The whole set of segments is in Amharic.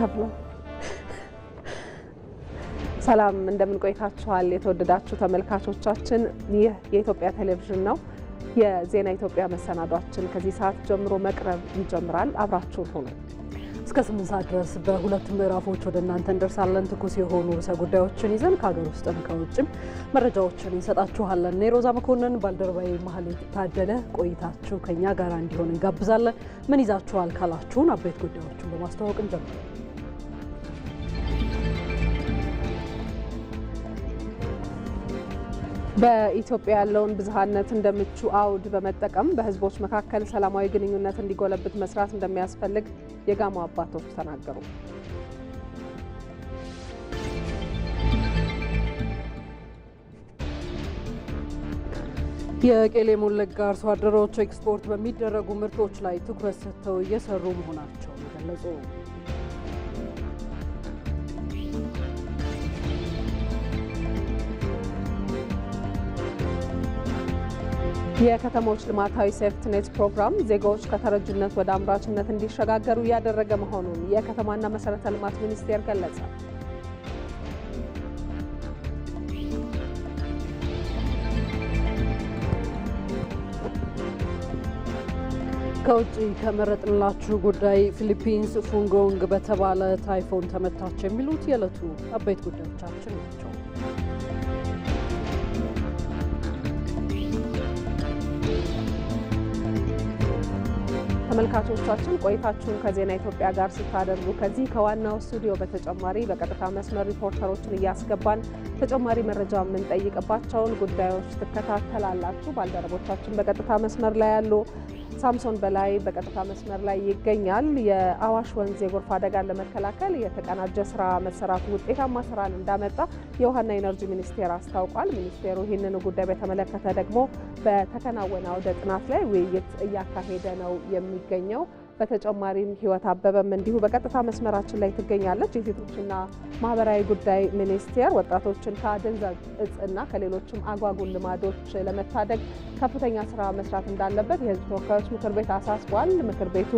ተብሎ ሰላም እንደምን ቆይታችኋል? የተወደዳችሁ ተመልካቾቻችን፣ ይህ የኢትዮጵያ ቴሌቪዥን ነው። የዜና ኢትዮጵያ መሰናዷችን ከዚህ ሰዓት ጀምሮ መቅረብ ይጀምራል። አብራችሁን ሆኑ። እስከ ስምንት ሰዓት ድረስ በሁለት ምዕራፎች ወደ እናንተ እንደርሳለን። ትኩስ የሆኑ ርዕሰ ጉዳዮችን ይዘን ከሀገር ውስጥም ከውጭም መረጃዎችን እንሰጣችኋለን። ሮዛ መኮንን፣ ባልደረባዊ መሀል ታደለ ቆይታችሁ ከኛ ጋር እንዲሆን እንጋብዛለን። ምን ይዛችኋል ካላችሁን አበይት ጉዳዮችን በማስተዋወቅ እንጀምራለን። በኢትዮጵያ ያለውን ብዝሃነት እንደምቹ አውድ በመጠቀም በህዝቦች መካከል ሰላማዊ ግንኙነት እንዲጎለብት መስራት እንደሚያስፈልግ የጋሞ አባቶች ተናገሩ። የቄሌ ሞለጋ አርሶ አደሮች ኤክስፖርት በሚደረጉ ምርቶች ላይ ትኩረት ሰጥተው እየሰሩ መሆናቸውን ገለጹ። የከተሞች ልማታዊ ሴፍትኔት ፕሮግራም ዜጋዎች ከተረጅነት ወደ አምራችነት እንዲሸጋገሩ እያደረገ መሆኑን የከተማና መሰረተ ልማት ሚኒስቴር ገለጸ። ከውጭ ከመረጥንላችሁ ጉዳይ ፊሊፒንስ ፉንጎንግ በተባለ ታይፎን ተመታች የሚሉት የዕለቱ አበይት ጉዳዮቻችን ናቸው። ተመልካቾቻችን ቆይታችሁን ከዜና ኢትዮጵያ ጋር ስታደርጉ ከዚህ ከዋናው ስቱዲዮ በተጨማሪ በቀጥታ መስመር ሪፖርተሮችን እያስገባን ተጨማሪ መረጃ የምንጠይቅባቸውን ጉዳዮች ትከታተላላችሁ። ባልደረቦቻችን በቀጥታ መስመር ላይ ያሉ ሳምሶን በላይ በቀጥታ መስመር ላይ ይገኛል። የአዋሽ ወንዝ የጎርፍ አደጋን ለመከላከል የተቀናጀ ስራ መሰራቱ ውጤታማ ስራን እንዳመጣ የውሃና ኢነርጂ ሚኒስቴር አስታውቋል። ሚኒስቴሩ ይህንን ጉዳይ በተመለከተ ደግሞ በተከናወነ አውደ ጥናት ላይ ውይይት እያካሄደ ነው የሚ የሚገኘው በተጨማሪም ህይወት አበበም እንዲሁ በቀጥታ መስመራችን ላይ ትገኛለች። የሴቶችና ማህበራዊ ጉዳይ ሚኒስቴር ወጣቶችን ከአደንዛዥ እጽና ከሌሎችም አጓጉል ልማዶች ለመታደግ ከፍተኛ ስራ መስራት እንዳለበት የህዝብ ተወካዮች ምክር ቤት አሳስቧል። ምክር ቤቱ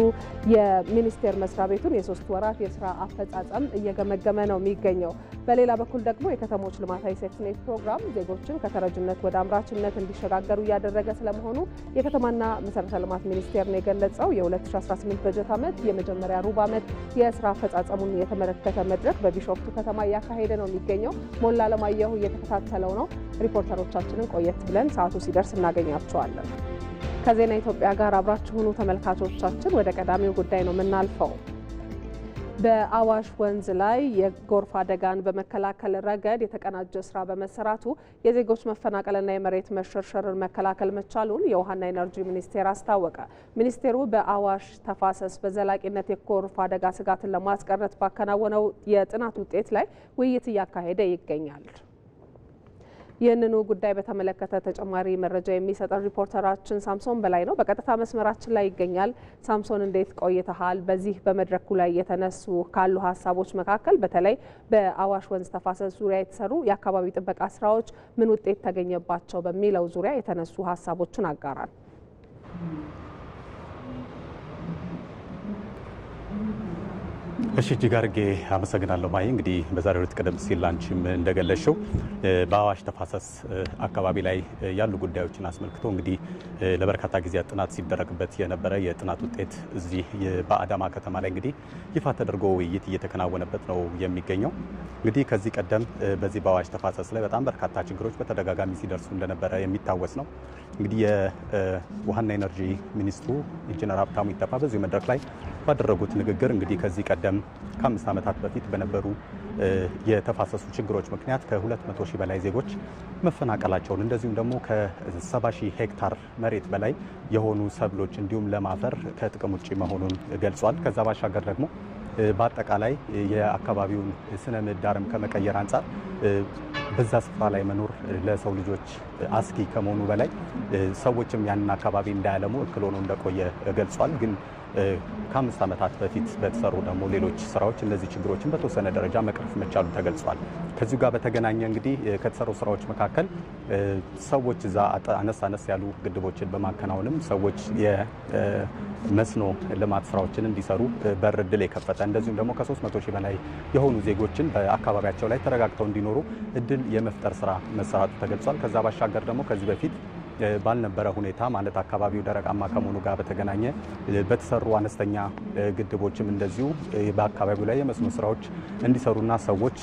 የሚኒስቴር መስሪያ ቤቱን የሶስት ወራት የስራ አፈጻጸም እየገመገመ ነው የሚገኘው። በሌላ በኩል ደግሞ የከተሞች ልማታዊ ሴፍቲኔት ፕሮግራም ዜጎችን ከተረጅነት ወደ አምራችነት እንዲሸጋገሩ እያደረገ ስለመሆኑ የከተማና መሰረተ ልማት ሚኒስቴር ነው የገለጸው። የ2018 2018 በጀት ዓመት የመጀመሪያ ሩብ ዓመት የስራ አፈጻጸሙን የተመለከተ መድረክ በቢሾፍቱ ከተማ እያካሄደ ነው የሚገኘው። ሞላ አለማየሁ እየተከታተለው ነው። ሪፖርተሮቻችንን ቆየት ብለን ሰዓቱ ሲደርስ እናገኛቸዋለን። ከዜና ኢትዮጵያ ጋር አብራችሁኑ ተመልካቾቻችን። ወደ ቀዳሚው ጉዳይ ነው የምናልፈው። በአዋሽ ወንዝ ላይ የጎርፍ አደጋን በመከላከል ረገድ የተቀናጀ ስራ በመሰራቱ የዜጎች መፈናቀልና የመሬት መሸርሸርን መከላከል መቻሉን የውሃና ኢነርጂ ሚኒስቴር አስታወቀ። ሚኒስቴሩ በአዋሽ ተፋሰስ በዘላቂነት የጎርፍ አደጋ ስጋትን ለማስቀረት ባከናወነው የጥናት ውጤት ላይ ውይይት እያካሄደ ይገኛል። ይህንኑ ጉዳይ በተመለከተ ተጨማሪ መረጃ የሚሰጠን ሪፖርተራችን ሳምሶን በላይ ነው፣ በቀጥታ መስመራችን ላይ ይገኛል። ሳምሶን እንዴት ቆይተሃል? በዚህ በመድረኩ ላይ የተነሱ ካሉ ሀሳቦች መካከል በተለይ በአዋሽ ወንዝ ተፋሰስ ዙሪያ የተሰሩ የአካባቢ ጥበቃ ስራዎች ምን ውጤት ተገኘባቸው በሚለው ዙሪያ የተነሱ ሀሳቦችን አጋራል። እሺ እጅግ አድርጌ አመሰግናለሁ ማይ። እንግዲህ በዛሬው ዕለት ቀደም ሲል አንቺም እንደገለሽው በአዋሽ ተፋሰስ አካባቢ ላይ ያሉ ጉዳዮችን አስመልክቶ እንግዲህ ለበርካታ ጊዜ ጥናት ሲደረግበት የነበረ የጥናት ውጤት እዚህ በአዳማ ከተማ ላይ እንግዲህ ይፋ ተደርጎ ውይይት እየተከናወነበት ነው የሚገኘው። እንግዲህ ከዚህ ቀደም በዚህ በአዋሽ ተፋሰስ ላይ በጣም በርካታ ችግሮች በተደጋጋሚ ሲደርሱ እንደነበረ የሚታወስ ነው። እንግዲህ የውሃና ኤነርጂ ሚኒስትሩ ኢንጂነር ሀብታሙ ይተፋ በዚሁ መድረክ ላይ ባደረጉት ንግግር እንግዲህ ከዚህ ቀደም ከአምስት ዓመታት በፊት በነበሩ የተፋሰሱ ችግሮች ምክንያት ከ200 ሺህ በላይ ዜጎች መፈናቀላቸውን እንደዚሁም ደግሞ ከ70 ሺህ ሄክታር መሬት በላይ የሆኑ ሰብሎች እንዲሁም ለማፈር ከጥቅም ውጭ መሆኑን ገልጿል። ከዛ ባሻገር ደግሞ በአጠቃላይ የአካባቢውን ስነ ምህዳርም ከመቀየር አንጻር በዛ ስፍራ ላይ መኖር ለሰው ልጆች አስጊ ከመሆኑ በላይ ሰዎችም ያንን አካባቢ እንዳያለሙ እክል ሆኖ እንደቆየ ገልጿል ግን ከአምስት ዓመታት በፊት በተሰሩ ደግሞ ሌሎች ስራዎች እነዚህ ችግሮችን በተወሰነ ደረጃ መቅረፍ መቻሉ ተገልጿል። ከዚሁ ጋር በተገናኘ እንግዲህ ከተሰሩ ስራዎች መካከል ሰዎች እዛ አነስ አነስ ያሉ ግድቦችን በማከናወንም ሰዎች የመስኖ ልማት ስራዎችን እንዲሰሩ በር እድል የከፈተ እንደዚሁም ደግሞ ከ300 ሺህ በላይ የሆኑ ዜጎችን በአካባቢያቸው ላይ ተረጋግተው እንዲኖሩ እድል የመፍጠር ስራ መሰራቱ ተገልጿል። ከዛ ባሻገር ደግሞ ከዚህ በፊት ባልነበረ ሁኔታ ማለት አካባቢው ደረቃማ ከመሆኑ ጋር በተገናኘ በተሰሩ አነስተኛ ግድቦችም እንደዚሁ በአካባቢው ላይ የመስኖ ስራዎች እንዲሰሩና ሰዎች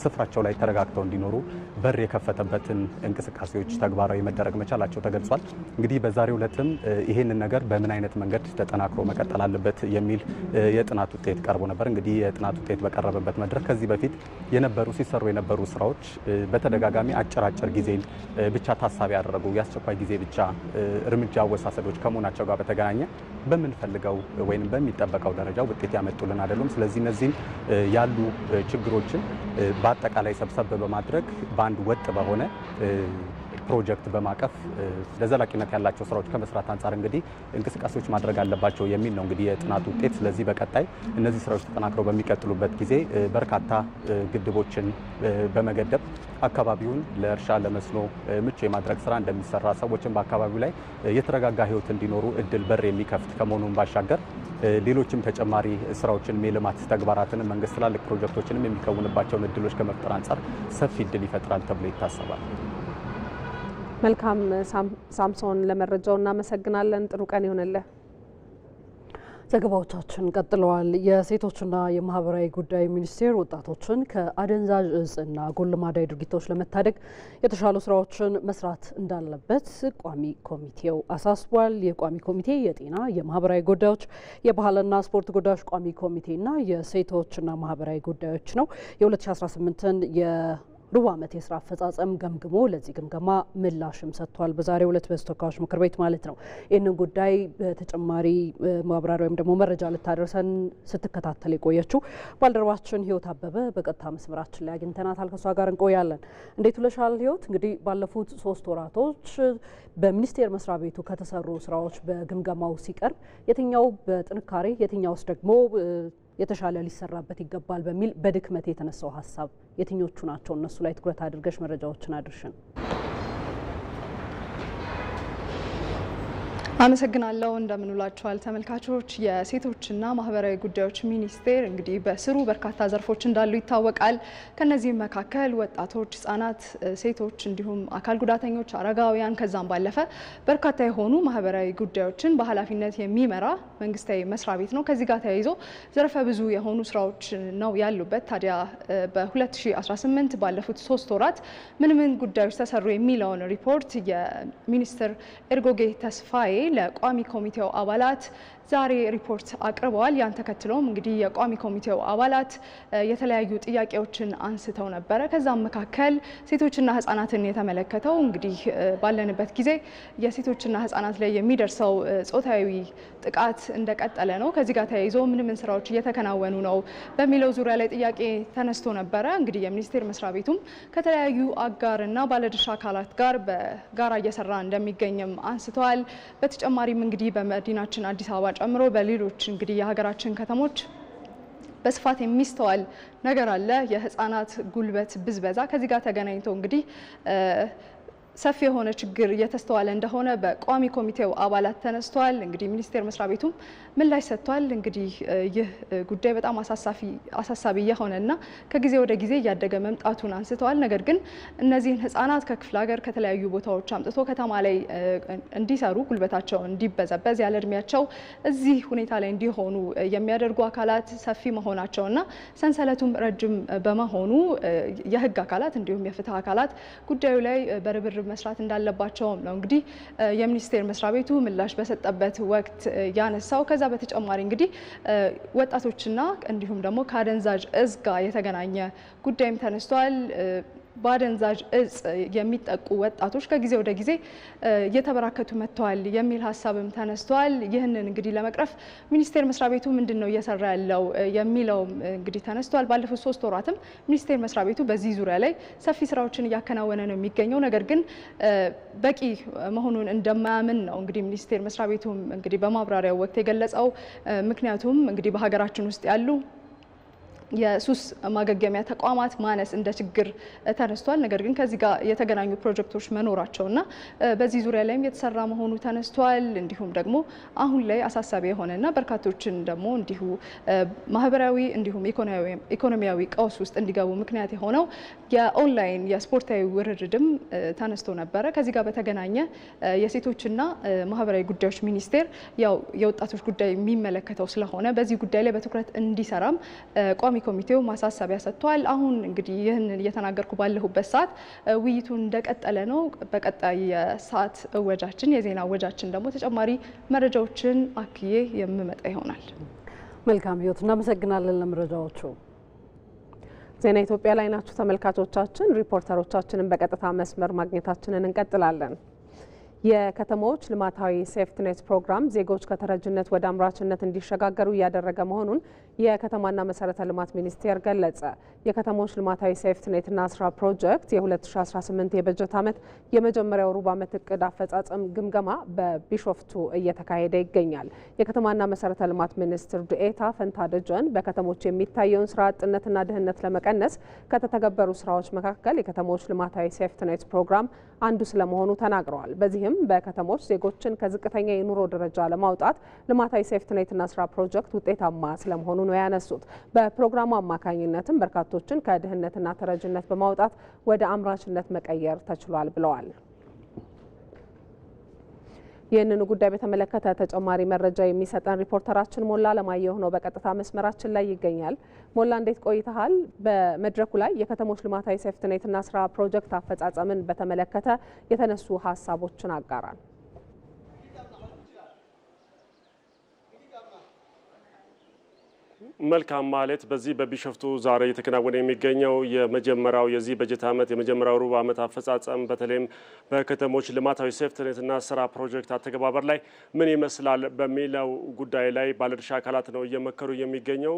ስፍራቸው ላይ ተረጋግተው እንዲኖሩ በር የከፈተበትን እንቅስቃሴዎች ተግባራዊ መደረግ መቻላቸው ተገልጿል። እንግዲህ በዛሬው ዕለትም ይህንን ነገር በምን አይነት መንገድ ተጠናክሮ መቀጠል አለበት የሚል የጥናት ውጤት ቀርቦ ነበር። እንግዲህ የጥናት ውጤት በቀረበበት መድረክ ከዚህ በፊት የነበሩ ሲሰሩ የነበሩ ስራዎች በተደጋጋሚ አጭር አጭር ጊዜን ብቻ ታሳቢ ያደረጉ የአስቸኳይ ጊዜ ብቻ እርምጃ አወሳሰዶች ከመሆናቸው ጋር በተገናኘ በምንፈልገው ወይም በሚጠበቀው ደረጃ ውጤት ያመጡልን አይደሉም። ስለዚህ እነዚህም ያሉ ችግሮችን በአጠቃላይ ሰብሰብ በማድረግ በአንድ ወጥ በሆነ ፕሮጀክት በማቀፍ ለዘላቂነት ያላቸው ስራዎች ከመስራት አንጻር እንግዲህ እንቅስቃሴዎች ማድረግ አለባቸው የሚል ነው እንግዲህ የጥናት ውጤት። ስለዚህ በቀጣይ እነዚህ ስራዎች ተጠናክረው በሚቀጥሉበት ጊዜ በርካታ ግድቦችን በመገደብ አካባቢውን ለእርሻ ለመስኖ ምቹ የማድረግ ስራ እንደሚሰራ ሰዎችን በአካባቢው ላይ የተረጋጋ ህይወት እንዲኖሩ እድል በር የሚከፍት ከመሆኑን ባሻገር ሌሎችም ተጨማሪ ስራዎችን የልማት ተግባራትን መንግስት ትላልቅ ፕሮጀክቶችንም የሚከውንባቸውን እድሎች ከመፍጠር አንጻር ሰፊ እድል ይፈጥራል ተብሎ ይታሰባል። መልካም ሳምሶን፣ ለመረጃው እናመሰግናለን። ጥሩ ቀን ይሆንልህ። ዘገባዎቻችን ቀጥለዋል። የሴቶችና የማህበራዊ ጉዳይ ሚኒስቴር ወጣቶችን ከአደንዛዥ እጽና ጎልማዳዊ ድርጊቶች ለመታደግ የተሻሉ ስራዎችን መስራት እንዳለበት ቋሚ ኮሚቴው አሳስቧል። የቋሚ ኮሚቴ የጤና፣ የማህበራዊ ጉዳዮች፣ የባህልና ስፖርት ጉዳዮች ቋሚ ኮሚቴና የሴቶችና ማህበራዊ ጉዳዮች ነው የ2018ን ሩብ ዓመት የስራ አፈጻጸም ገምግሞ ለዚህ ግምገማ ምላሽም ሰጥቷል። በዛሬ ሁለት በሕዝብ ምክር ቤት ማለት ነው። ይህንን ጉዳይ በተጨማሪ ማብራሪያ ወይም ደግሞ መረጃ ልታደርሰን ስትከታተል የቆየችው ባልደረባችን ህይወት አበበ በቀጥታ መስመራችን ላይ አግኝተናታል። ከሷ ጋር እንቆያለን። እንዴት ውለሻል ህይወት? እንግዲህ ባለፉት ሶስት ወራቶች በሚኒስቴር መስሪያ ቤቱ ከተሰሩ ስራዎች በግምገማው ሲቀርብ የትኛው በጥንካሬ የትኛውስ ደግሞ የተሻለ ሊሰራበት ይገባል በሚል በድክመት የተነሳው ሀሳብ የትኞቹ ናቸው? እነሱ ላይ ትኩረት አድርገሽ መረጃዎችን አድርሽን። አመሰግናለሁ። እንደምንውላችኋል ተመልካቾች። የሴቶችና ማህበራዊ ጉዳዮች ሚኒስቴር እንግዲህ በስሩ በርካታ ዘርፎች እንዳሉ ይታወቃል። ከነዚህም መካከል ወጣቶች፣ ህጻናት፣ ሴቶች እንዲሁም አካል ጉዳተኞች፣ አረጋውያን ከዛም ባለፈ በርካታ የሆኑ ማህበራዊ ጉዳዮችን በኃላፊነት የሚመራ መንግስታዊ መስሪያ ቤት ነው። ከዚህ ጋር ተያይዞ ዘርፈ ብዙ የሆኑ ስራዎች ነው ያሉበት። ታዲያ በ2018 ባለፉት ሶስት ወራት ምን ምን ጉዳዮች ተሰሩ የሚለውን ሪፖርት የሚኒስትር ኤርጎጌ ተስፋዬ ለቋሚ ኮሚቴው አባላት ዛሬ ሪፖርት አቅርበዋል። ያን ተከትሎም እንግዲህ የቋሚ ኮሚቴው አባላት የተለያዩ ጥያቄዎችን አንስተው ነበረ። ከዛም መካከል ሴቶችና ሕጻናትን የተመለከተው እንግዲህ ባለንበት ጊዜ የሴቶችና ሕጻናት ላይ የሚደርሰው ጾታዊ ጥቃት እንደቀጠለ ነው። ከዚህ ጋር ተያይዞ ምን ምን ስራዎች እየተከናወኑ ነው በሚለው ዙሪያ ላይ ጥያቄ ተነስቶ ነበረ። እንግዲህ የሚኒስቴር መስሪያ ቤቱም ከተለያዩ አጋርና ባለድርሻ አካላት ጋር በጋራ እየሰራ እንደሚገኝም አንስተዋል። በተጨማሪም እንግዲህ በመዲናችን አዲስ አበባ ጨምሮ በሌሎች እንግዲህ የሀገራችን ከተሞች በስፋት የሚስተዋል ነገር አለ። የህፃናት ጉልበት ብዝበዛ ከዚህ ጋር ተገናኝቶ እንግዲህ ሰፊ የሆነ ችግር እየተስተዋለ እንደሆነ በቋሚ ኮሚቴው አባላት ተነስቷል። እንግዲህ ሚኒስቴር መስሪያ ቤቱም ምላሽ ሰጥቷል። እንግዲህ ይህ ጉዳይ በጣም አሳሳቢ የሆነና ከጊዜ ወደ ጊዜ እያደገ መምጣቱን አንስተዋል። ነገር ግን እነዚህን ህጻናት ከክፍለ ሀገር ከተለያዩ ቦታዎች አምጥቶ ከተማ ላይ እንዲሰሩ ጉልበታቸው እንዲበዘበዝ ያለ እድሜያቸው እዚህ ሁኔታ ላይ እንዲሆኑ የሚያደርጉ አካላት ሰፊ መሆናቸውና ሰንሰለቱም ረጅም በመሆኑ የህግ አካላት እንዲሁም የፍትህ አካላት ጉዳዩ ላይ በርብር ርብርብ መስራት እንዳለባቸውም ነው እንግዲህ የሚኒስቴር መስሪያ ቤቱ ምላሽ በሰጠበት ወቅት ያነሳው። ከዛ በተጨማሪ እንግዲህ ወጣቶችና እንዲሁም ደግሞ ከአደንዛዥ እጽ ጋር የተገናኘ ጉዳይም ተነስቷል። በአደንዛዥ እጽ የሚጠቁ ወጣቶች ከጊዜ ወደ ጊዜ እየተበራከቱ መጥተዋል የሚል ሀሳብም ተነስተዋል። ይህንን እንግዲህ ለመቅረፍ ሚኒስቴር መስሪያ ቤቱ ምንድን ነው እየሰራ ያለው የሚለውም እንግዲህ ተነስተዋል። ባለፉት ሶስት ወራትም ሚኒስቴር መስሪያ ቤቱ በዚህ ዙሪያ ላይ ሰፊ ስራዎችን እያከናወነ ነው የሚገኘው። ነገር ግን በቂ መሆኑን እንደማያምን ነው እንግዲህ ሚኒስቴር መስሪያ ቤቱም እንግዲህ በማብራሪያው ወቅት የገለጸው። ምክንያቱም እንግዲህ በሀገራችን ውስጥ ያሉ የሱስ ማገገሚያ ተቋማት ማነስ እንደ ችግር ተነስቷል። ነገር ግን ከዚህ ጋር የተገናኙ ፕሮጀክቶች መኖራቸውና በዚህ ዙሪያ ላይም የተሰራ መሆኑ ተነስቷል። እንዲሁም ደግሞ አሁን ላይ አሳሳቢ የሆነና በርካቶችን ደግሞ እንዲሁ ማህበራዊ እንዲሁም ኢኮኖሚያዊ ቀውስ ውስጥ እንዲገቡ ምክንያት የሆነው የኦንላይን የስፖርታዊ ውርርድም ተነስቶ ነበረ። ከዚህ ጋር በተገናኘ የሴቶችና ማህበራዊ ጉዳዮች ሚኒስቴር ያው የወጣቶች ጉዳይ የሚመለከተው ስለሆነ በዚህ ጉዳይ ላይ በትኩረት እንዲሰራም ቋሚ ኮሚቴው ማሳሰቢያ ሰጥቷል። አሁን እንግዲህ ይህን እየተናገርኩ ባለሁበት ሰዓት ውይይቱ እንደቀጠለ ነው። በቀጣይ የሰዓት እወጃችን የዜና እወጃችን ደግሞ ተጨማሪ መረጃዎችን አክዬ የምመጣ ይሆናል። መልካም ህይወት፣ እናመሰግናለን ለመረጃዎቹ። ዜና ኢትዮጵያ ላይ ናችሁ ተመልካቾቻችን። ሪፖርተሮቻችንን በቀጥታ መስመር ማግኘታችንን እንቀጥላለን። የከተማዎች ልማታዊ ሴፍትኔት ፕሮግራም ዜጎች ከተረጅነት ወደ አምራችነት እንዲሸጋገሩ እያደረገ መሆኑን የከተማና መሰረተ ልማት ሚኒስቴር ገለጸ። የከተሞች ልማታዊ ሴፍትኔትና ስራ ፕሮጀክት የ2018 የበጀት ዓመት የመጀመሪያው ሩብ ዓመት እቅድ አፈጻጸም ግምገማ በቢሾፍቱ እየተካሄደ ይገኛል። የከተማና መሰረተ ልማት ሚኒስትር ዱኤታ ፈንታ ደጀን በከተሞች የሚታየውን ስራ አጥነትና ድህነት ለመቀነስ ከተተገበሩ ስራዎች መካከል የከተሞች ልማታዊ ሴፍትኔት ፕሮግራም አንዱ ስለመሆኑ ተናግረዋል። በዚህም በከተሞች ዜጎችን ከዝቅተኛ የኑሮ ደረጃ ለማውጣት ልማታዊ ሴፍትኔትና ስራ ፕሮጀክት ውጤታማ ስለመሆኑ ነው ያነሱት። በፕሮግራሙ አማካኝነትም በርካቶችን ከድህነትና ተረጅነት በማውጣት ወደ አምራችነት መቀየር ተችሏል ብለዋል። ይህንኑ ጉዳይ በተመለከተ ተጨማሪ መረጃ የሚሰጠን ሪፖርተራችን ሞላ ለማየ ነው። በቀጥታ መስመራችን ላይ ይገኛል። ሞላ እንዴት ቆይተሃል? በመድረኩ ላይ የከተሞች ልማታዊ ሴፍትኔትና ስራ ፕሮጀክት አፈጻጸምን በተመለከተ የተነሱ ሀሳቦችን አጋራል። መልካም ማለት በዚህ በቢሾፍቱ ዛሬ እየተከናወነ የሚገኘው የመጀመሪያው የዚህ በጀት ዓመት የመጀመሪያው ሩብ ዓመት አፈጻጸም በተለይም በከተሞች ልማታዊ ሴፍትኔትና ስራ ፕሮጀክት አተገባበር ላይ ምን ይመስላል በሚለው ጉዳይ ላይ ባለድርሻ አካላት ነው እየመከሩ የሚገኘው።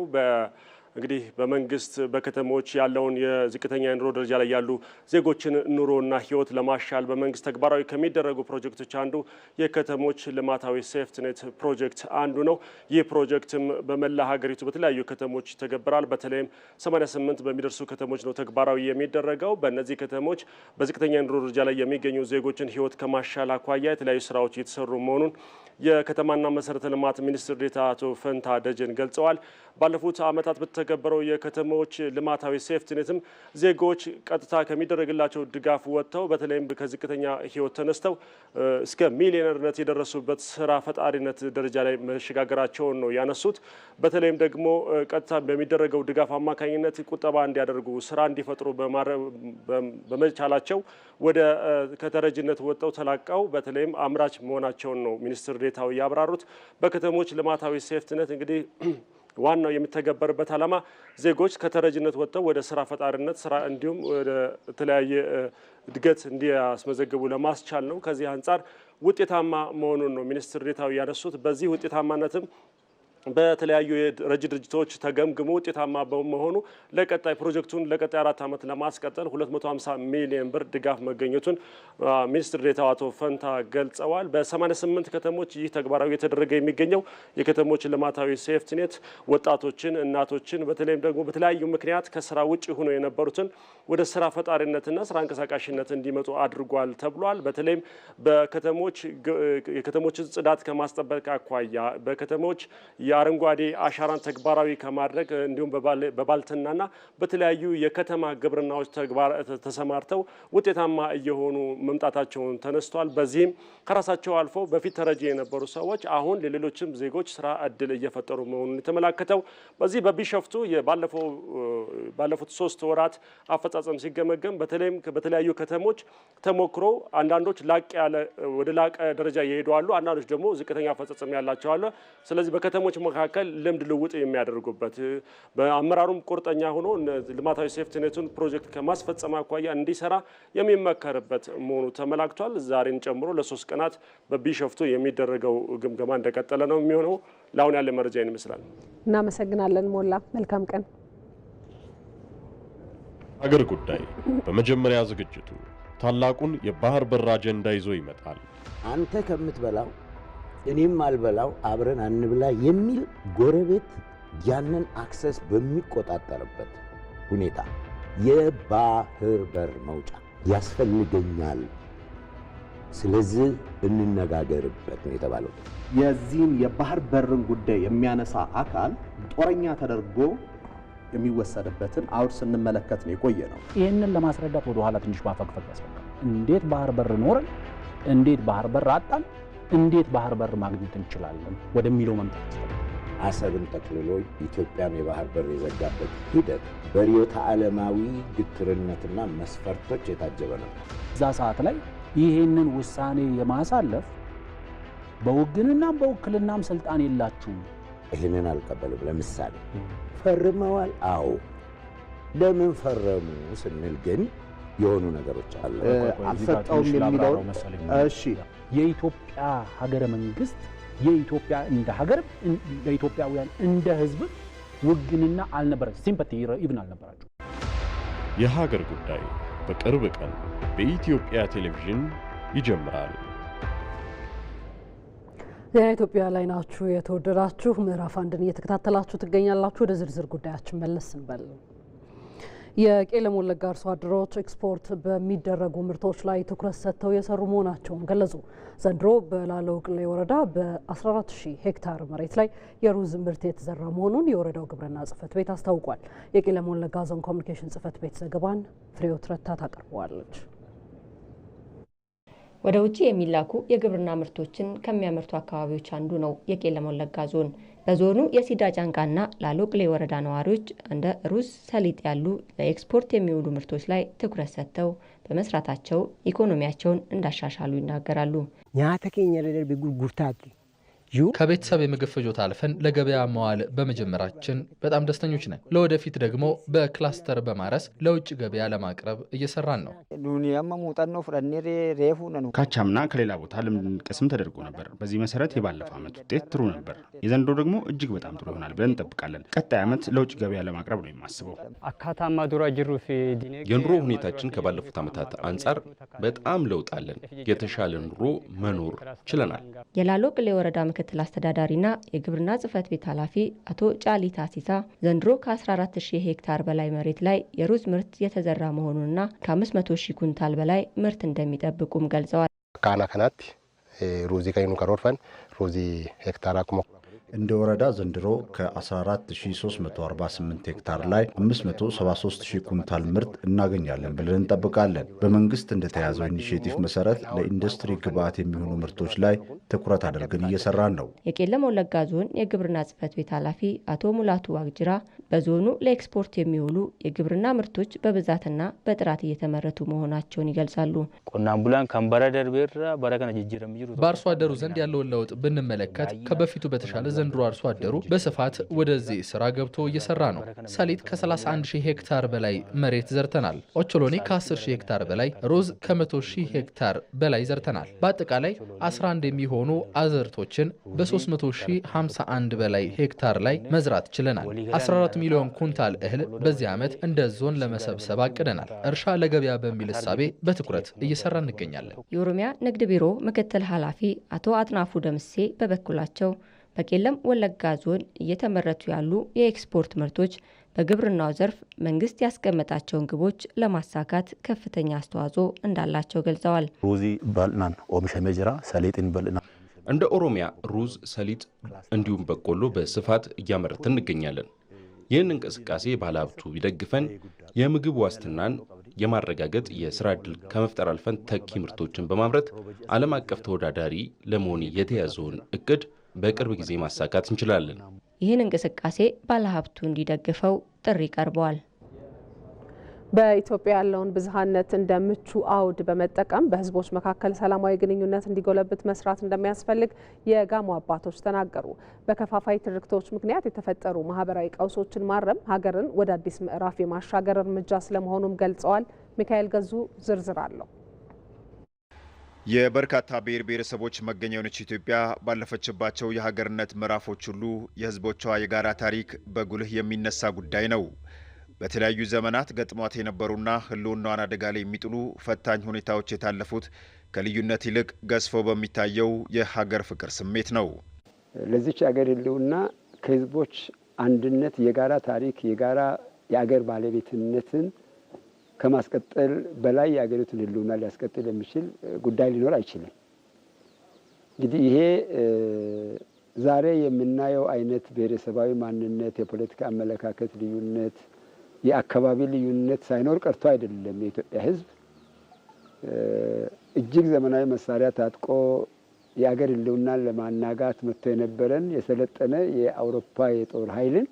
እንግዲህ በመንግስት በከተሞች ያለውን የዝቅተኛ የኑሮ ደረጃ ላይ ያሉ ዜጎችን ኑሮና ህይወት ለማሻል በመንግስት ተግባራዊ ከሚደረጉ ፕሮጀክቶች አንዱ የከተሞች ልማታዊ ሴፍትኔት ፕሮጀክት አንዱ ነው። ይህ ፕሮጀክትም በመላ ሀገሪቱ በተለያዩ ከተሞች ይተገበራል። በተለይም 88 በሚደርሱ ከተሞች ነው ተግባራዊ የሚደረገው። በእነዚህ ከተሞች በዝቅተኛ የኑሮ ደረጃ ላይ የሚገኙ ዜጎችን ህይወት ከማሻል አኳያ የተለያዩ ስራዎች እየተሰሩ መሆኑን የከተማና መሰረተ ልማት ሚኒስትር ዴታ አቶ ፈንታ ደጀን ገልጸዋል። ባለፉት ዓመታት የተገበረው የከተሞች ልማታዊ ሴፍትኔትም ዜጎች ቀጥታ ከሚደረግላቸው ድጋፍ ወጥተው በተለይም ከዝቅተኛ ህይወት ተነስተው እስከ ሚሊዮነርነት የደረሱበት ስራ ፈጣሪነት ደረጃ ላይ መሸጋገራቸውን ነው ያነሱት። በተለይም ደግሞ ቀጥታ በሚደረገው ድጋፍ አማካኝነት ቁጠባ እንዲያደርጉ ስራ እንዲፈጥሩ በመቻላቸው ወደ ከተረጅነት ወጥተው ተላቀው በተለይም አምራች መሆናቸውን ነው ሚኒስትር ዴታው ያብራሩት። በከተሞች ልማታዊ ሴፍትነት እንግዲህ ዋናው የሚተገበርበት ዓላማ ዜጎች ከተረጅነት ወጥተው ወደ ስራ ፈጣሪነት ስራ እንዲሁም ወደ ተለያየ እድገት እንዲያስመዘግቡ ለማስቻል ነው። ከዚህ አንጻር ውጤታማ መሆኑን ነው ሚኒስትር ዴኤታው ያነሱት። በዚህ ውጤታማነትም በተለያዩ የረጂ ድርጅቶች ተገምግሞ ውጤታማ በመሆኑ ለቀጣይ ፕሮጀክቱን ለቀጣይ አራት ዓመት ለማስቀጠል 250 ሚሊዮን ብር ድጋፍ መገኘቱን ሚኒስትር ዴታው አቶ ፈንታ ገልጸዋል። በ88 ከተሞች ይህ ተግባራዊ የተደረገ የሚገኘው የከተሞች ልማታዊ ሴፍቲኔት ወጣቶችን፣ እናቶችን በተለይም ደግሞ በተለያዩ ምክንያት ከስራ ውጭ ሆኖ የነበሩትን ወደ ስራ ፈጣሪነትና ስራ አንቀሳቃሽነት እንዲመጡ አድርጓል ተብሏል። በተለይም በከተሞች የከተሞችን ጽዳት ከማስጠበቅ አኳያ በከተሞች የአረንጓዴ አሻራን ተግባራዊ ከማድረግ እንዲሁም በባልትናና በተለያዩ የከተማ ግብርናዎች ተሰማርተው ውጤታማ እየሆኑ መምጣታቸውን ተነስቷል። በዚህም ከራሳቸው አልፎ በፊት ተረጂ የነበሩ ሰዎች አሁን ለሌሎችም ዜጎች ስራ እድል እየፈጠሩ መሆኑን የተመላከተው በዚህ በቢሸፍቱ ባለፉት ሶስት ወራት አፈጻጸም ሲገመገም በተለይም በተለያዩ ከተሞች ተሞክሮ አንዳንዶች ላቅ ያለ ወደ ላቀ ደረጃ ይሄዱ አሉ፣ አንዳንዶች ደግሞ ዝቅተኛ አፈጻጸም ያላቸው ስለዚህ በከተሞች መካከል ልምድ ልውጥ የሚያደርጉበት በአመራሩም ቁርጠኛ ሆኖ ልማታዊ ሴፍትኔቱን ፕሮጀክት ከማስፈጸም አኳያ እንዲሰራ የሚመከርበት መሆኑ ተመላክቷል። ዛሬን ጨምሮ ለሶስት ቀናት በቢሸፍቱ የሚደረገው ግምገማ እንደቀጠለ ነው የሚሆነው። ለአሁን ያለ መረጃ ይህን ይመስላል። እናመሰግናለን ሞላ፣ መልካም ቀን። አገር ጉዳይ በመጀመሪያ ዝግጅቱ ታላቁን የባህር በር አጀንዳ ይዞ ይመጣል። አንተ ከምትበላው እኔም አልበላው አብረን አንብላ የሚል ጎረቤት ያንን አክሰስ በሚቆጣጠርበት ሁኔታ የባህር በር መውጫ ያስፈልገኛል፣ ስለዚህ እንነጋገርበት ነው የተባለው። የዚህን የባህር በርን ጉዳይ የሚያነሳ አካል ጦረኛ ተደርጎ የሚወሰድበትን አውድ ስንመለከት ነው የቆየ ነው። ይህንን ለማስረዳት ወደኋላ ትንሽ ማፈግፈግ ያስፈልጋል። እንዴት ባህር በር ኖረን፣ እንዴት ባህር በር አጣን እንዴት ባህር በር ማግኘት እንችላለን ወደሚለው መምጣት አሰብን ጠቅልሎ ኢትዮጵያን የባህር በር የዘጋበት ሂደት በርዕዮተ ዓለማዊ ግትርነትና መስፈርቶች የታጀበ ነው እዛ ሰዓት ላይ ይህንን ውሳኔ የማሳለፍ በውግንናም በውክልናም ስልጣን የላችሁም። ይህንን አልቀበልም። ለምሳሌ ፈርመዋል። አዎ፣ ለምን ፈረሙ ስንል ግን የሆኑ ነገሮች አለ አልሰጠውም የሚለውን እሺ የኢትዮጵያ ሀገረ መንግስት የኢትዮጵያ እንደ ሀገር ለኢትዮጵያውያን እንደ ህዝብ ውግንና አልነበረ ሲምፓቲ ይብን አልነበራቸው። የሀገር ጉዳይ በቅርብ ቀን በኢትዮጵያ ቴሌቪዥን ይጀምራል። ዜና ኢትዮጵያ ላይ ናችሁ። የተወደዳችሁ ምዕራፍ አንድን እየተከታተላችሁ ትገኛላችሁ። ወደ ዝርዝር ጉዳያችን መለስ እንበል። የቄለም ወለጋ አርሶ አደሮች ኤክስፖርት በሚደረጉ ምርቶች ላይ ትኩረት ሰጥተው የሰሩ መሆናቸውን ገለጹ። ዘንድሮ በላለው ቅሌ ወረዳ በ14 ሺህ ሄክታር መሬት ላይ የሩዝ ምርት የተዘራ መሆኑን የወረዳው ግብርና ጽህፈት ቤት አስታውቋል። የቄለም ወለጋ ዞን ኮሚኒኬሽን ጽህፈት ቤት ዘገባን ፍሬዎት ረታ ታቀርበዋለች። ወደ ውጭ የሚላኩ የግብርና ምርቶችን ከሚያመርቱ አካባቢዎች አንዱ ነው የቄለም ወለጋ ዞን። በዞኑ የሲዳ ጫንቃና ላሎቅሌ ወረዳ ነዋሪዎች እንደ ሩዝ፣ ሰሊጥ ያሉ ለኤክስፖርት የሚውሉ ምርቶች ላይ ትኩረት ሰጥተው በመስራታቸው ኢኮኖሚያቸውን እንዳሻሻሉ ይናገራሉ። ዩ ከቤተሰብ የምግብ ፍጆታ አልፈን ለገበያ መዋል በመጀመራችን በጣም ደስተኞች ነን። ለወደፊት ደግሞ በክላስተር በማረስ ለውጭ ገበያ ለማቅረብ እየሰራን ነው። ካቻምና ከሌላ ቦታ ልምድ እንድንቀስም ተደርጎ ነበር። በዚህ መሰረት የባለፈው ዓመት ውጤት ጥሩ ነበር። የዘንድሮ ደግሞ እጅግ በጣም ጥሩ ይሆናል ብለን እንጠብቃለን። ቀጣይ ዓመት ለውጭ ገበያ ለማቅረብ ነው የማስበው። የኑሮ ሁኔታችን ከባለፉት ዓመታት አንጻር በጣም ለውጥ አለን። የተሻለ ኑሮ መኖር ችለናል። የላሎ ቅሌ ወረዳ ምክትል አስተዳዳሪና የግብርና ጽህፈት ቤት ኃላፊ አቶ ጫሊ ታሲሳ ዘንድሮ ከ14000 ሄክታር በላይ መሬት ላይ የሩዝ ምርት የተዘራ መሆኑንና ከ500000 ኩንታል በላይ ምርት እንደሚጠብቁም ገልጸዋል። ካና ከናት ሩዚ ከይኑ ከሮርፈን ሩዚ ሄክታር ኩመ እንደ ወረዳ ዘንድሮ ከ14348 ሄክታር ላይ 573000 ኩንታል ምርት እናገኛለን ብለን እንጠብቃለን። በመንግስት እንደተያዘው ኢኒሽቲቭ መሰረት ለኢንዱስትሪ ግብዓት የሚሆኑ ምርቶች ላይ ትኩረት አድርገን እየሰራን ነው። የቄለም ወለጋ ዞን የግብርና ጽህፈት ቤት ኃላፊ አቶ ሙላቱ ዋግጅራ በዞኑ ለኤክስፖርት የሚውሉ የግብርና ምርቶች በብዛትና በጥራት እየተመረቱ መሆናቸውን ይገልጻሉ። በአርሶ አደሩ ዘንድ ያለውን ለውጥ ብንመለከት ከበፊቱ በተሻለ ዘንድሮ አርሶ አደሩ በስፋት ወደዚህ ስራ ገብቶ እየሰራ ነው። ሰሊጥ ከ31 ሺህ ሄክታር በላይ መሬት ዘርተናል። ኦቾሎኒ ከ10 ሺህ ሄክታር በላይ፣ ሩዝ ከ100 ሺህ ሄክታር በላይ ዘርተናል። በአጠቃላይ 11 የሚሆኑ አዝርቶችን በ351 በላይ ሄክታር ላይ መዝራት ችለናል። 14 ሚሊዮን ኩንታል እህል በዚህ ዓመት እንደ ዞን ለመሰብሰብ አቅደናል። እርሻ ለገበያ በሚል እሳቤ በትኩረት እየሰራ እንገኛለን። የኦሮሚያ ንግድ ቢሮ ምክትል ኃላፊ አቶ አጥናፉ ደምሴ በበኩላቸው በቄለም ወለጋ ዞን እየተመረቱ ያሉ የኤክስፖርት ምርቶች በግብርናው ዘርፍ መንግስት ያስቀመጣቸውን ግቦች ለማሳካት ከፍተኛ አስተዋጽኦ እንዳላቸው ገልጸዋል። ሩዚ በልናን ኦምሸ መጅራ ሰሌጥን በልና እንደ ኦሮሚያ ሩዝ፣ ሰሊጥ እንዲሁም በቆሎ በስፋት እያመረትን እንገኛለን። ይህን እንቅስቃሴ ባለሀብቱ ቢደግፈን የምግብ ዋስትናን የማረጋገጥ የስራ ድል ከመፍጠር አልፈን ተኪ ምርቶችን በማምረት ዓለም አቀፍ ተወዳዳሪ ለመሆን የተያዘውን እቅድ በቅርብ ጊዜ ማሳካት እንችላለን። ይህን እንቅስቃሴ ባለሀብቱ እንዲደግፈው ጥሪ ቀርበዋል። በኢትዮጵያ ያለውን ብዝሃነት እንደ ምቹ አውድ በመጠቀም በህዝቦች መካከል ሰላማዊ ግንኙነት እንዲጎለብት መስራት እንደሚያስፈልግ የጋሞ አባቶች ተናገሩ። በከፋፋይ ትርክቶች ምክንያት የተፈጠሩ ማህበራዊ ቀውሶችን ማረም ሀገርን ወደ አዲስ ምዕራፍ የማሻገር እርምጃ ስለመሆኑም ገልጸዋል። ሚካኤል ገዙ ዝርዝር አለው። የበርካታ ብሔር ብሔረሰቦች መገኛ የሆነች ኢትዮጵያ ባለፈችባቸው የሀገርነት ምዕራፎች ሁሉ የሕዝቦቿ የጋራ ታሪክ በጉልህ የሚነሳ ጉዳይ ነው። በተለያዩ ዘመናት ገጥሟት የነበሩና ሕልውናዋን አደጋ ላይ የሚጥሉ ፈታኝ ሁኔታዎች የታለፉት ከልዩነት ይልቅ ገዝፎ በሚታየው የሀገር ፍቅር ስሜት ነው። ለዚች ሀገር ሕልውና ከሕዝቦች አንድነት የጋራ ታሪክ የጋራ የአገር ባለቤትነትን ከማስቀጠል በላይ የሀገሪቱን ህልውና ሊያስቀጥል የሚችል ጉዳይ ሊኖር አይችልም። እንግዲህ ይሄ ዛሬ የምናየው አይነት ብሔረሰባዊ ማንነት፣ የፖለቲካ አመለካከት ልዩነት፣ የአካባቢ ልዩነት ሳይኖር ቀርቶ አይደለም። የኢትዮጵያ ህዝብ እጅግ ዘመናዊ መሳሪያ ታጥቆ የአገር ህልውናን ለማናጋት መጥቶ የነበረን የሰለጠነ የአውሮፓ የጦር ኃይልን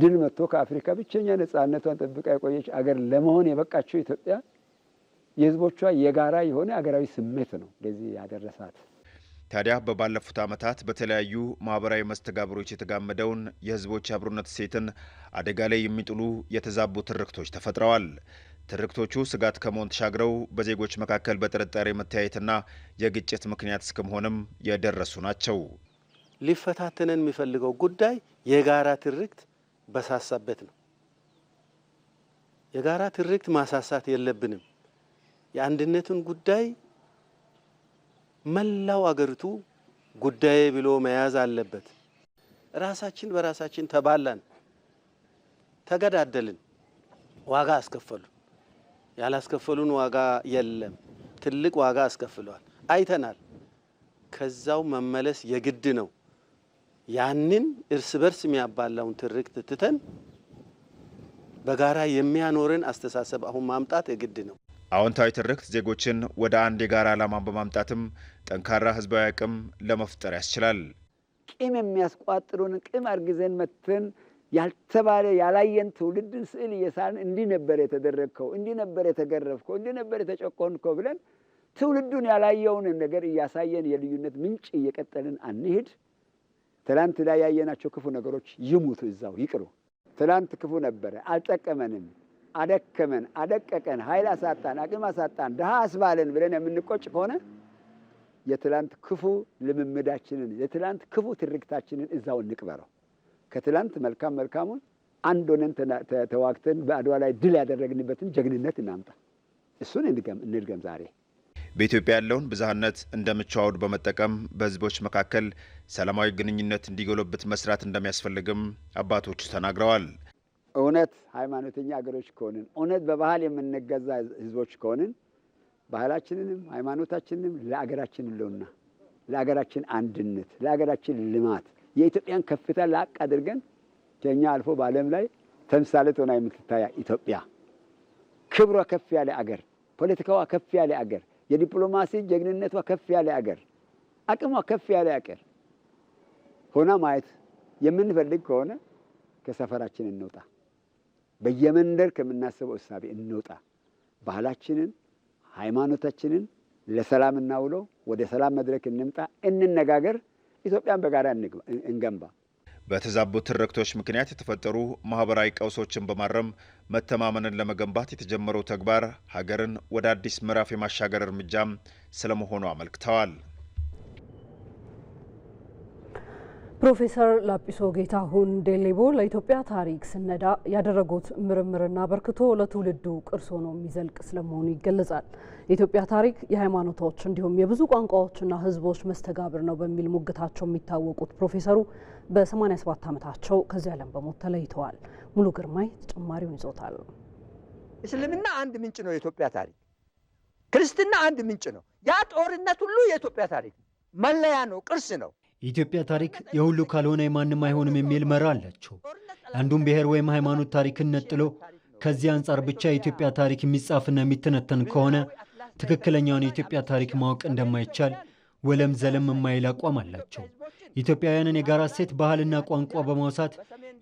ድል መጥቶ ከአፍሪካ ብቸኛ ነጻነቷን ጠብቃ የቆየች አገር ለመሆን የበቃቸው ኢትዮጵያ የህዝቦቿ የጋራ የሆነ አገራዊ ስሜት ነው ለዚህ ያደረሳት። ታዲያ በባለፉት ዓመታት በተለያዩ ማህበራዊ መስተጋብሮች የተጋመደውን የህዝቦች አብሮነት ሴትን አደጋ ላይ የሚጥሉ የተዛቡ ትርክቶች ተፈጥረዋል። ትርክቶቹ ስጋት ከመሆን ተሻግረው በዜጎች መካከል በጥርጣሬ መተያየትና የግጭት ምክንያት እስከመሆንም የደረሱ ናቸው። ሊፈታተነን የሚፈልገው ጉዳይ የጋራ ትርክት በሳሳበት ነው። የጋራ ትርክት ማሳሳት የለብንም። የአንድነትን ጉዳይ መላው አገሪቱ ጉዳይ ብሎ መያዝ አለበት። ራሳችን በራሳችን ተባላን፣ ተገዳደልን፣ ዋጋ አስከፈሉን። ያላስከፈሉን ዋጋ የለም። ትልቅ ዋጋ አስከፍለዋል፣ አይተናል። ከዛው መመለስ የግድ ነው። ያንን እርስ በርስ የሚያባላውን ትርክት ትተን በጋራ የሚያኖረን አስተሳሰብ አሁን ማምጣት የግድ ነው። አዎንታዊ ትርክት ዜጎችን ወደ አንድ የጋራ ዓላማን በማምጣትም ጠንካራ ህዝባዊ አቅም ለመፍጠር ያስችላል። ቂም የሚያስቋጥሩን ቂም አርግዘን መትን ያልተባለ ያላየን ትውልድን ስዕል እየሳልን እንዲህ ነበር የተደረግከው፣ እንዲህ ነበር የተገረፍከው፣ እንዲህ ነበር የተጨቆንከው ብለን ትውልዱን ያላየውን ነገር እያሳየን የልዩነት ምንጭ እየቀጠልን አንሄድ ትላንት ላይ ያየናቸው ክፉ ነገሮች ይሙቱ፣ እዛው ይቅሩ። ትላንት ክፉ ነበረ፣ አልጠቀመንም፣ አደከመን፣ አደቀቀን፣ ኃይል አሳጣን፣ አቅም አሳጣን፣ ድሀ አስባለን ብለን የምንቆጭ ከሆነ የትላንት ክፉ ልምምዳችንን የትላንት ክፉ ትርክታችንን እዛው እንቅበረው። ከትላንት መልካም መልካሙን አንድ ሆነን ተዋግተን በአድዋ ላይ ድል ያደረግንበትን ጀግንነት እናምጣ። እሱን እንድገም ዛሬ በኢትዮጵያ ያለውን ብዝሃነት እንደ ምቹ አውድ በመጠቀም በህዝቦች መካከል ሰላማዊ ግንኙነት እንዲጎለብት መስራት እንደሚያስፈልግም አባቶቹ ተናግረዋል። እውነት ሃይማኖተኛ ሀገሮች ከሆንን፣ እውነት በባህል የምንገዛ ህዝቦች ከሆንን ባህላችንንም ሃይማኖታችንንም ለአገራችን ህልውና፣ ለአገራችን አንድነት፣ ለአገራችን ልማት የኢትዮጵያን ከፍታ ላቅ አድርገን ከኛ አልፎ በዓለም ላይ ተምሳሌት ሆና የምትታያ ኢትዮጵያ ክብሯ ከፍ ያለ አገር፣ ፖለቲካዋ ከፍ ያለ አገር የዲፕሎማሲ ጀግንነቷ ከፍ ያለ አገር አቅሟ ከፍ ያለ አገር ሆና ማየት የምንፈልግ ከሆነ ከሰፈራችን እንውጣ፣ በየመንደር ከምናስበው እሳቤ እንውጣ። ባህላችንን፣ ሃይማኖታችንን ለሰላም እናውለው። ወደ ሰላም መድረክ እንምጣ፣ እንነጋገር፣ ኢትዮጵያን በጋራ እንገንባ። በተዛቡ ትርክቶች ምክንያት የተፈጠሩ ማህበራዊ ቀውሶችን በማረም መተማመንን ለመገንባት የተጀመረው ተግባር ሀገርን ወደ አዲስ ምዕራፍ የማሻገር እርምጃም ስለመሆኑ አመልክተዋል። ፕሮፌሰር ላጲሶ ጌታሁን ዴሌቦ ለኢትዮጵያ ታሪክ ስነዳ ያደረጉት ምርምርና በርክቶ ለትውልዱ ቅርስ ሆኖ የሚዘልቅ ስለመሆኑ ይገለጻል። የኢትዮጵያ ታሪክ የሃይማኖቶች እንዲሁም የብዙ ቋንቋዎችና ሕዝቦች መስተጋብር ነው በሚል ሙግታቸው የሚታወቁት ፕሮፌሰሩ በ87 ዓመታቸው ከዚህ ዓለም በሞት ተለይተዋል። ሙሉ ግርማይ ተጨማሪውን ይዞታል። እስልምና አንድ ምንጭ ነው የኢትዮጵያ ታሪክ፣ ክርስትና አንድ ምንጭ ነው። ያ ጦርነት ሁሉ የኢትዮጵያ ታሪክ መለያ ነው፣ ቅርስ ነው። የኢትዮጵያ ታሪክ የሁሉ ካልሆነ የማንም አይሆንም የሚል መራ አላቸው። አንዱን ብሔር ወይም ሃይማኖት ታሪክን ነጥሎ ከዚህ አንጻር ብቻ የኢትዮጵያ ታሪክ የሚጻፍና የሚተነተን ከሆነ ትክክለኛውን የኢትዮጵያ ታሪክ ማወቅ እንደማይቻል ወለም ዘለም የማይል አቋም አላቸው። ኢትዮጵያውያንን የጋራ ሴት ባህልና ቋንቋ በማውሳት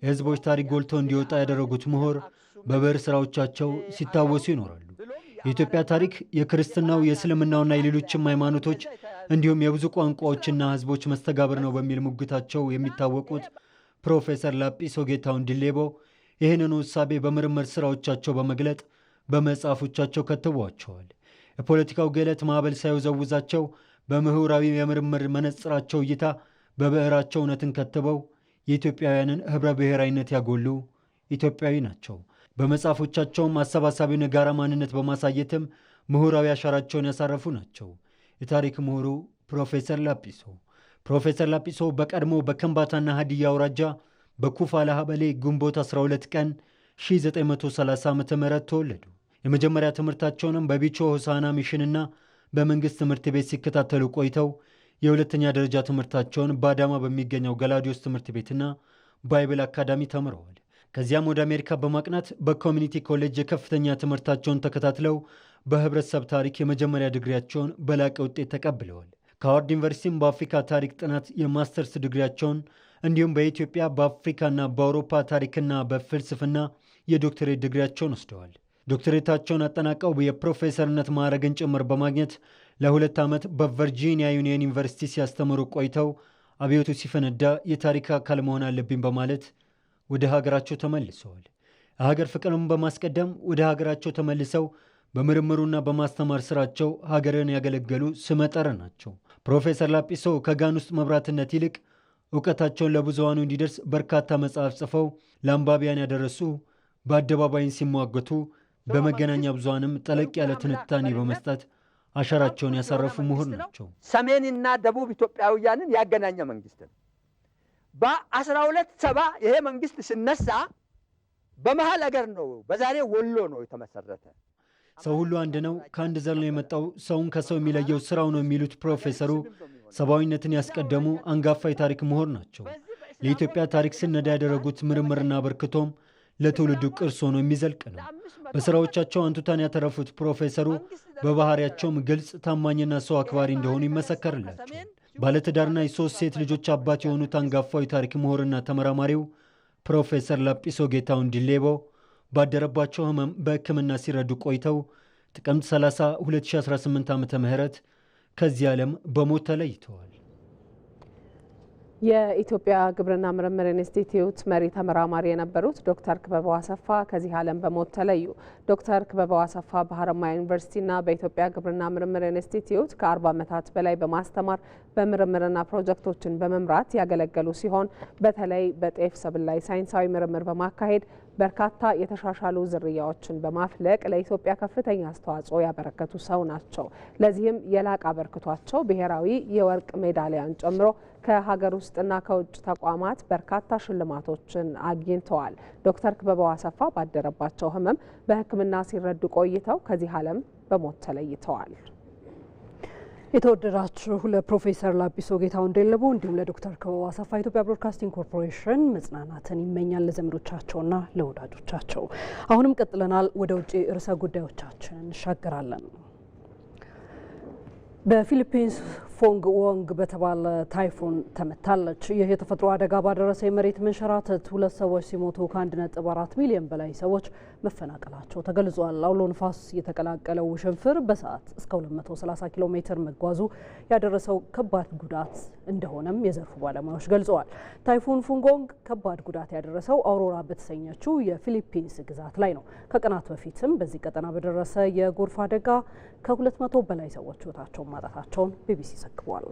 የህዝቦች ታሪክ ጎልቶ እንዲወጣ ያደረጉት ምሁር በብዕር ሥራዎቻቸው ሲታወሱ ይኖራሉ። የኢትዮጵያ ታሪክ የክርስትናው፣ የእስልምናውና የሌሎችም ሃይማኖቶች እንዲሁም የብዙ ቋንቋዎችና ህዝቦች መስተጋብር ነው በሚል ሙግታቸው የሚታወቁት ፕሮፌሰር ላጲሶ ጌታሁን ዲሌቦ ይህንኑ እሳቤ በምርምር ሥራዎቻቸው በመግለጥ በመጽሐፎቻቸው ከትቧቸዋል። የፖለቲካው ገለት ማዕበል ሳይወዘውዛቸው በምሁራዊ የምርምር መነጽራቸው እይታ በብዕራቸው እውነትን ከትበው የኢትዮጵያውያንን ኅብረ ብሔራዊነት ያጎሉ ኢትዮጵያዊ ናቸው። በመጽሐፎቻቸውም አሰባሳቢውን የጋራ ማንነት በማሳየትም ምሁራዊ አሻራቸውን ያሳረፉ ናቸው። የታሪክ ምሁሩ ፕሮፌሰር ላጲሶ ፕሮፌሰር ላጲሶ በቀድሞ በከምባታና ሀዲያ አውራጃ በኩፋ ላሀበሌ ግንቦት 12 ቀን 1930 ዓ ም ተወለዱ። የመጀመሪያ ትምህርታቸውንም በቢቾ ሆሳና ሚሽንና በመንግሥት ትምህርት ቤት ሲከታተሉ ቆይተው የሁለተኛ ደረጃ ትምህርታቸውን በአዳማ በሚገኘው ገላዲዮስ ትምህርት ቤትና ባይብል አካዳሚ ተምረዋል። ከዚያም ወደ አሜሪካ በማቅናት በኮሚኒቲ ኮሌጅ የከፍተኛ ትምህርታቸውን ተከታትለው በህብረተሰብ ታሪክ የመጀመሪያ ዲግሪያቸውን በላቀ ውጤት ተቀብለዋል። ከሃዋርድ ዩኒቨርሲቲም በአፍሪካ ታሪክ ጥናት የማስተርስ ዲግሪያቸውን እንዲሁም በኢትዮጵያ በአፍሪካና በአውሮፓ ታሪክና በፍልስፍና የዶክትሬት ድግሪያቸውን ወስደዋል። ዶክትሬታቸውን አጠናቀው የፕሮፌሰርነት ማዕረግን ጭምር በማግኘት ለሁለት ዓመት በቨርጂኒያ ዩኒየን ዩኒቨርሲቲ ሲያስተምሩ ቆይተው አብዮቱ ሲፈነዳ የታሪክ አካል መሆን አለብኝ በማለት ወደ ሀገራቸው ተመልሰዋል። የሀገር ፍቅርም በማስቀደም ወደ ሀገራቸው ተመልሰው በምርምሩና በማስተማር ስራቸው ሀገርን ያገለገሉ ስመጠር ናቸው። ፕሮፌሰር ላጲሶ ከጋን ውስጥ መብራትነት ይልቅ እውቀታቸውን ለብዙሃኑ እንዲደርስ በርካታ መጽሐፍ ጽፈው ለአንባቢያን ያደረሱ፣ በአደባባይን ሲሟገቱ፣ በመገናኛ ብዙሃንም ጠለቅ ያለ ትንታኔ በመስጠት አሻራቸውን ያሳረፉ ምሁር ናቸው። ሰሜንና ደቡብ ኢትዮጵያውያንን ያገናኘ መንግስት ነው። በአስራ ሁለት ሰባ ይሄ መንግስት ሲነሳ በመሀል አገር ነው፣ በዛሬ ወሎ ነው የተመሰረተ። ሰው ሁሉ አንድ ነው፣ ከአንድ ዘር ነው የመጣው፣ ሰውን ከሰው የሚለየው ስራው ነው የሚሉት ፕሮፌሰሩ ሰብአዊነትን ያስቀደሙ አንጋፋ የታሪክ ምሁር ናቸው። ለኢትዮጵያ ታሪክ ስነዳ ያደረጉት ምርምርና አበርክቶም ለትውልዱ ቅርስ ሆኖ የሚዘልቅ ነው። በሥራዎቻቸው አንቱታን ያተረፉት ፕሮፌሰሩ በባህሪያቸውም ግልጽ፣ ታማኝና ሰው አክባሪ እንደሆኑ ይመሰከርላቸዋል። ባለትዳርና የሦስት ሴት ልጆች አባት የሆኑት አንጋፋዊ ታሪክ ምሁርና ተመራማሪው ፕሮፌሰር ላጲሶ ጌታውን ዲሌቦ ባደረባቸው ሕመም በሕክምና ሲረዱ ቆይተው ጥቅምት 30 2018 ዓ ም ከዚህ ዓለም በሞት ተለይተዋል። የኢትዮጵያ ግብርና ምርምር ኢንስቲትዩት መሪ ተመራማሪ የነበሩት ዶክተር ክበበው አሰፋ ከዚህ ዓለም በሞት ተለዩ። ዶክተር ክበበው አሰፋ በሀረማያ ዩኒቨርሲቲና በኢትዮጵያ ግብርና ምርምር ኢንስቲትዩት ከ40 ዓመታት በላይ በማስተማር በምርምርና ፕሮጀክቶችን በመምራት ያገለገሉ ሲሆን በተለይ በጤፍ ሰብል ላይ ሳይንሳዊ ምርምር በማካሄድ በርካታ የተሻሻሉ ዝርያዎችን በማፍለቅ ለኢትዮጵያ ከፍተኛ አስተዋጽኦ ያበረከቱ ሰው ናቸው። ለዚህም የላቃ አበርክቷቸው ብሔራዊ የወርቅ ሜዳሊያን ጨምሮ ከሀገር ውስጥና ከውጭ ተቋማት በርካታ ሽልማቶችን አግኝተዋል። ዶክተር ክበበው አሰፋ ባደረባቸው ሕመም በሕክምና ሲረዱ ቆይተው ከዚህ ዓለም በሞት ተለይተዋል። የተወደዳችሁ ለፕሮፌሰር ላጲሶ ጌታሁን ደለቦ እንዲሁም ለዶክተር ክበባ አሰፋ ኢትዮጵያ ብሮድካስቲንግ ኮርፖሬሽን መጽናናትን ይመኛል ለዘመዶቻቸውና ለወዳጆቻቸው። አሁንም ቀጥለናል። ወደ ውጭ ርዕሰ ጉዳዮቻችን እንሻገራለን። በፊሊፒንስ ፎንግ ወንግ በተባለ ታይፉን ተመታለች። ይህ የተፈጥሮ አደጋ ባደረሰ የመሬት መንሸራተት ሁለት ሰዎች ሲሞቱ ነጥብ አራት ሚሊዮን በላይ ሰዎች መፈናቀላቸው ተገልጿል። አውሎ ንፋስ የተቀላቀለው ሽንፍር በሰዓት እስከ 230 ኪሎ ሜትር መጓዙ ያደረሰው ከባድ ጉዳት እንደሆነም የዘርፉ ባለሙያዎች ገልጸዋል። ታይፉን ፉንጎንግ ከባድ ጉዳት ያደረሰው አውሮራ በተሰኘችው የፊሊፒንስ ግዛት ላይ ነው። ከቀናት በፊትም በዚህ ቀጠና በደረሰ የጎርፍ አደጋ ከ200 በላይ ሰዎች ሕይወታቸውን ማጣታቸውን ቢቢሲ seksual.